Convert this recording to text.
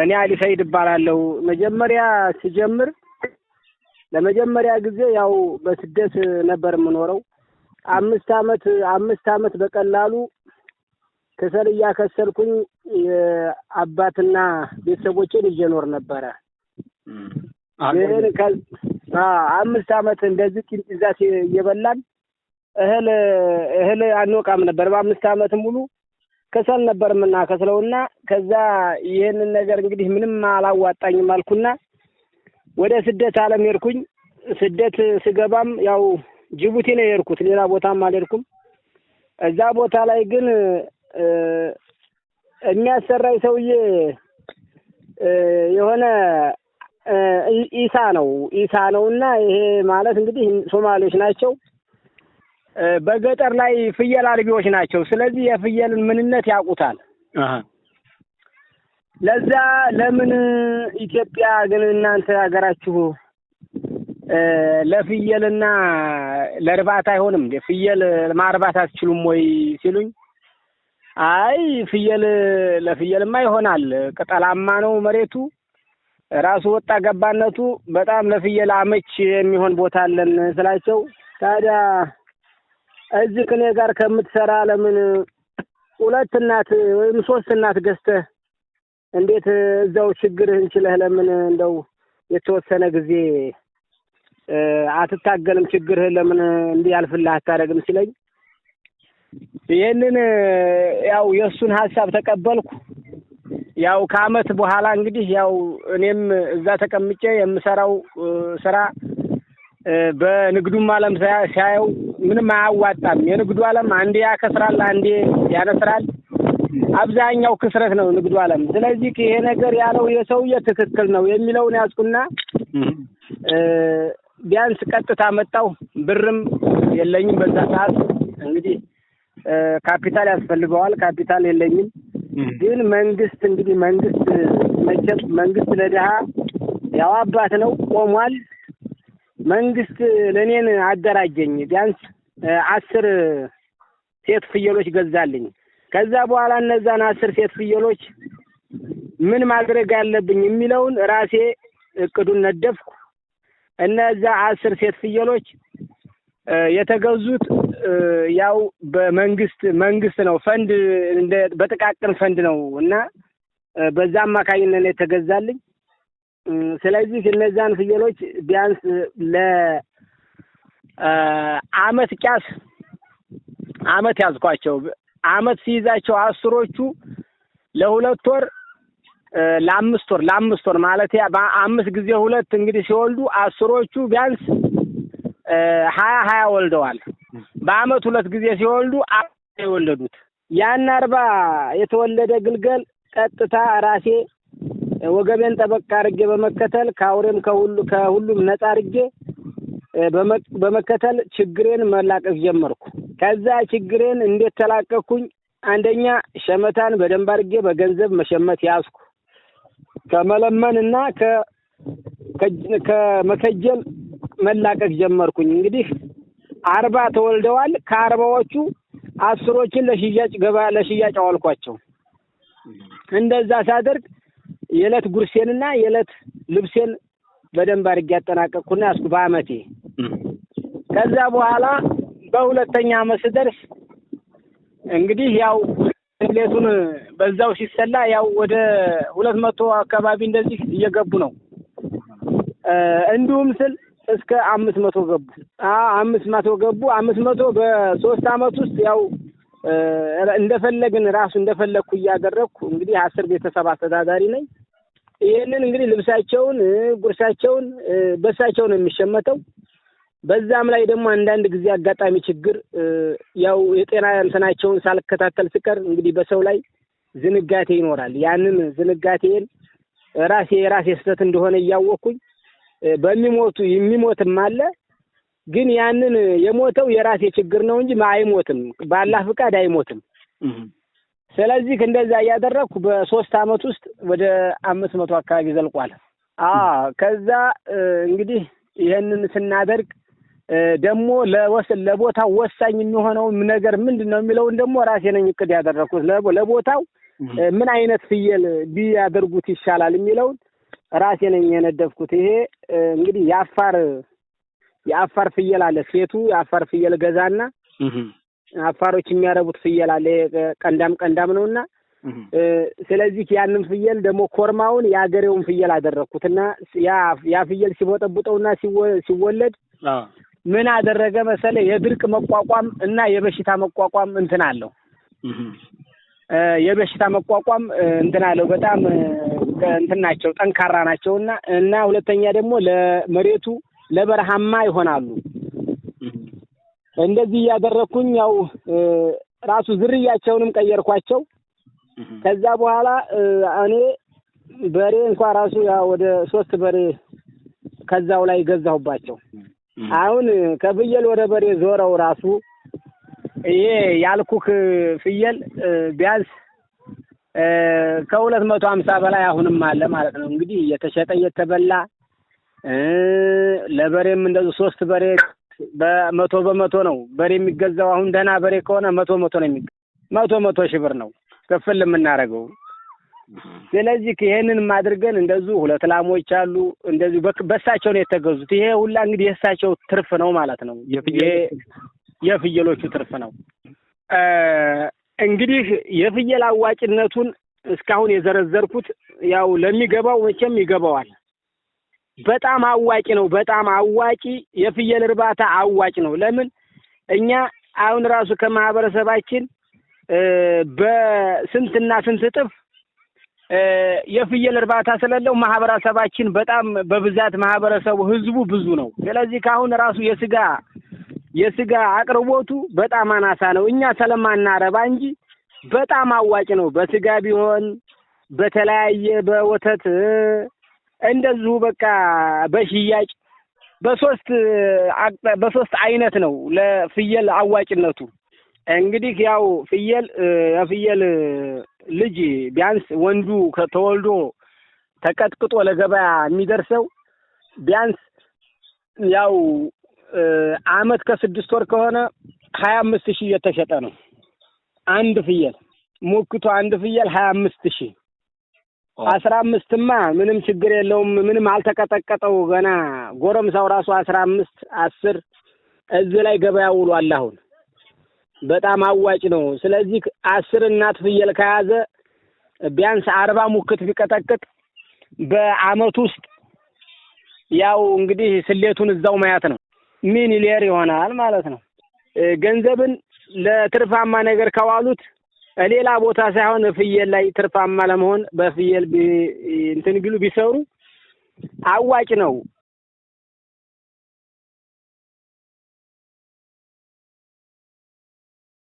እኔ አሊ ሰይድ እባላለሁ። መጀመሪያ ስጀምር ለመጀመሪያ ጊዜ ያው በስደት ነበር የምኖረው። አምስት አመት አምስት አመት በቀላሉ ከሰል እያከሰልኩኝ አባትና ቤተሰቦቼን እየኖር ነበረ። ግን አምስት አመት እንደዚህ ቂንጢዛ እየበላን እህል እህል አንወቃም ነበር። በአምስት አመት ሙሉ ከሰል ነበር የምናከስለውና ከዛ ይህንን ነገር እንግዲህ ምንም አላዋጣኝም አልኩና ወደ ስደት አለም ሄድኩኝ። ስደት ስገባም ያው ጅቡቲ ነው የሄድኩት፣ ሌላ ቦታም አልሄድኩም። እዛ ቦታ ላይ ግን የሚያሰራኝ ሰውዬ የሆነ ኢሳ ነው ኢሳ ነውና ይሄ ማለት እንግዲህ ሶማሌዎች ናቸው። በገጠር ላይ ፍየል አልቢዎች ናቸው። ስለዚህ የፍየልን ምንነት ያውቁታል። ለዛ ለምን ኢትዮጵያ ግን እናንተ ሀገራችሁ ለፍየልና ለእርባታ አይሆንም? ፍየል ማርባት አትችሉም ወይ ሲሉኝ አይ ፍየል ለፍየልማ ይሆናል። ቅጠላማ ነው መሬቱ ራሱ ወጣ ገባነቱ በጣም ለፍየል አመች የሚሆን ቦታ አለን ስላቸው ታዲያ እዚህ ከኔ ጋር ከምትሰራ ለምን ሁለት እናት ወይም ሶስት እናት ገዝተህ እንዴት እዛው ችግር እንችለህ ለምን እንደው የተወሰነ ጊዜ አትታገልም? ችግርህ ለምን እንዲያልፍልህ አታደርግም ሲለኝ ይህንን ያው የእሱን ሀሳብ ተቀበልኩ። ያው ከአመት በኋላ እንግዲህ ያው እኔም እዛ ተቀምጬ የምሰራው ስራ በንግዱም ዓለም ሳያየው ምንም አያዋጣም። የንግዱ ዓለም አንዴ ያከስራል፣ አንዴ ያነስራል። አብዛኛው ክስረት ነው ንግዱ ዓለም። ስለዚህ ይሄ ነገር ያለው የሰውዬ ትክክል ነው የሚለውን ያዝኩና ቢያንስ ቀጥታ መጣው። ብርም የለኝም በዛ ሰዓት እንግዲህ ካፒታል ያስፈልገዋል። ካፒታል የለኝም። ግን መንግስት እንግዲህ መንግስት መቼም መንግስት ለድሃ ያው አባት ነው ቆሟል። መንግስት ለእኔን አደራጀኝ። ቢያንስ አስር ሴት ፍየሎች ገዛልኝ። ከዛ በኋላ እነዛን አስር ሴት ፍየሎች ምን ማድረግ አለብኝ የሚለውን ራሴ እቅዱን ነደፍኩ። እነዛ አስር ሴት ፍየሎች የተገዙት ያው በመንግስት መንግስት ነው ፈንድ በጥቃቅን ፈንድ ነው እና በዛ አማካኝነት የተገዛልኝ ስለዚህ እነዛን ፍየሎች ቢያንስ ለአመት ቂያስ አመት ያዝኳቸው። አመት ሲይዛቸው አስሮቹ ለሁለት ወር ለአምስት ወር ለአምስት ወር ማለት በአምስት ጊዜ ሁለት እንግዲህ ሲወልዱ አስሮቹ ቢያንስ ሀያ ሀያ ወልደዋል። በአመት ሁለት ጊዜ ሲወልዱ የወለዱት ያን አርባ የተወለደ ግልገል ቀጥታ ራሴ ወገቤን ጠበቅ አድርጌ በመከተል ከአውሬም ከሁሉ ከሁሉም ነጻ አድርጌ በመከተል ችግሬን መላቀቅ ጀመርኩ። ከዛ ችግሬን እንዴት ተላቀቅኩኝ? አንደኛ ሸመታን በደንብ አድርጌ በገንዘብ መሸመት ያዝኩ። ከመለመን እና ከመከጀል መላቀቅ ጀመርኩኝ። እንግዲህ አርባ ተወልደዋል። ከአርባዎቹ አስሮችን ለሽያጭ ገባ ለሽያጭ አዋልኳቸው። እንደዛ ሳደርግ የዕለት ጉርሴንና የዕለት ልብሴን በደንብ አድርጌ ያጠናቀቅኩና ያስኩ በአመቴ። ከዛ በኋላ በሁለተኛ አመት ስደርስ እንግዲህ ያው ሌቱን በዛው ሲሰላ ያው ወደ ሁለት መቶ አካባቢ እንደዚህ እየገቡ ነው። እንዲሁም ስል እስከ አምስት መቶ ገቡ። አምስት መቶ ገቡ። አምስት መቶ በሶስት አመት ውስጥ ያው እንደፈለግን ራሱ እንደፈለግኩ እያደረግኩ እንግዲህ አስር ቤተሰብ አስተዳዳሪ ነኝ። ይህንን እንግዲህ ልብሳቸውን፣ ጉርሳቸውን በሳቸው ነው የሚሸመተው። በዛም ላይ ደግሞ አንዳንድ ጊዜ አጋጣሚ ችግር ያው የጤና እንትናቸውን ሳልከታተል ስቀር እንግዲህ በሰው ላይ ዝንጋቴ ይኖራል። ያንን ዝንጋቴን ራሴ የራሴ ስህተት እንደሆነ እያወቅኩኝ በሚሞቱ የሚሞትም አለ። ግን ያንን የሞተው የራሴ ችግር ነው እንጂ አይሞትም፣ ባላህ ፍቃድ አይሞትም። ስለዚህ እንደዛ እያደረግኩ በሶስት አመት ውስጥ ወደ አምስት መቶ አካባቢ ዘልቋል። ከዛ እንግዲህ ይህንን ስናደርግ ደግሞ ለቦታው ወሳኝ የሚሆነውን ነገር ምንድን ነው የሚለውን ደግሞ ራሴ ነኝ እቅድ ያደረግኩት። ለቦታው ምን አይነት ፍየል ቢያደርጉት ይሻላል የሚለውን ራሴ ነኝ የነደፍኩት። ይሄ እንግዲህ የአፋር የአፋር ፍየል አለ ሴቱ የአፋር ፍየል ገዛና አፋሮች የሚያረቡት ፍየል አለ ቀንዳም ቀንዳም ነው እና ስለዚህ ያንን ፍየል ደግሞ ኮርማውን የአገሬውን ፍየል እና ያ ፍየል ሲቦጠቡጠውና ሲወለድ ምን አደረገ መሰለ የድርቅ መቋቋም እና የበሽታ መቋቋም እንትን አለው። የበሽታ መቋቋም እንትን አለው። በጣም እንትን ናቸው፣ ጠንካራ ናቸው እና እና ሁለተኛ ደግሞ ለመሬቱ ለበረሃማ ይሆናሉ። እንደዚህ እያደረግኩኝ ያው ራሱ ዝርያቸውንም ቀየርኳቸው። ከዛ በኋላ እኔ በሬ እንኳ ራሱ ያው ወደ ሶስት በሬ ከዛው ላይ ገዛሁባቸው። አሁን ከፍየል ወደ በሬ ዞረው ራሱ ይሄ ያልኩክ ፍየል ቢያንስ ከሁለት መቶ ሀምሳ በላይ አሁንም አለ ማለት ነው። እንግዲህ እየተሸጠ እየተበላ ለበሬም እንደዚህ ሶስት በሬ በመቶ በመቶ ነው በሬ የሚገዛው። አሁን ደህና በሬ ከሆነ መቶ መቶ ነው የሚገዛው። መቶ መቶ ሺህ ብር ነው ክፍል የምናደርገው። ስለዚህ ይሄንንም አድርገን እንደዚሁ ሁለት ላሞች አሉ እንደዚሁ በእሳቸው ነው የተገዙት። ይሄ ሁላ እንግዲህ የእሳቸው ትርፍ ነው ማለት ነው፣ የፍየሎቹ ትርፍ ነው። እንግዲህ የፍየል አዋጭነቱን እስካሁን የዘረዘርኩት ያው ለሚገባው መቼም ይገባዋል በጣም አዋጭ ነው። በጣም አዋቂ የፍየል እርባታ አዋጭ ነው። ለምን እኛ አሁን ራሱ ከማህበረሰባችን በስንትና ስንት እጥፍ የፍየል እርባታ ስለለው ማህበረሰባችን በጣም በብዛት ማህበረሰቡ ህዝቡ ብዙ ነው። ስለዚህ ከአሁን ራሱ የስጋ የስጋ አቅርቦቱ በጣም አናሳ ነው። እኛ ስለማናረባ እንጂ በጣም አዋጭ ነው። በስጋ ቢሆን በተለያየ በወተት እንደዚሁ በቃ በሽያጭ በሶስት በሶስት አይነት ነው ለፍየል አዋጭነቱ። እንግዲህ ያው ፍየል የፍየል ልጅ ቢያንስ ወንዱ ተወልዶ ተቀጥቅጦ ለገበያ የሚደርሰው ቢያንስ ያው አመት ከስድስት ወር ከሆነ ሀያ አምስት ሺህ እየተሸጠ ነው። አንድ ፍየል ሞክቶ አንድ ፍየል ሀያ አምስት ሺህ አስራ አምስትማ ምንም ችግር የለውም። ምንም አልተቀጠቀጠው ገና ጎረምሳው ራሱ አስራ አምስት አስር እዚህ ላይ ገበያ ውሏል። አሁን በጣም አዋጭ ነው። ስለዚህ አስር እናት ፍየል ከያዘ ቢያንስ አርባ ሙክት ቢቀጠቅጥ በአመት ውስጥ ያው እንግዲህ ስሌቱን እዛው ማያት ነው ሚሊየነር ይሆናል ማለት ነው። ገንዘብን ለትርፋማ ነገር ከዋሉት ሌላ ቦታ ሳይሆን ፍየል ላይ ትርፋማ ለመሆን በፍየል እንትን ግሉ ቢሰሩ አዋጭ ነው።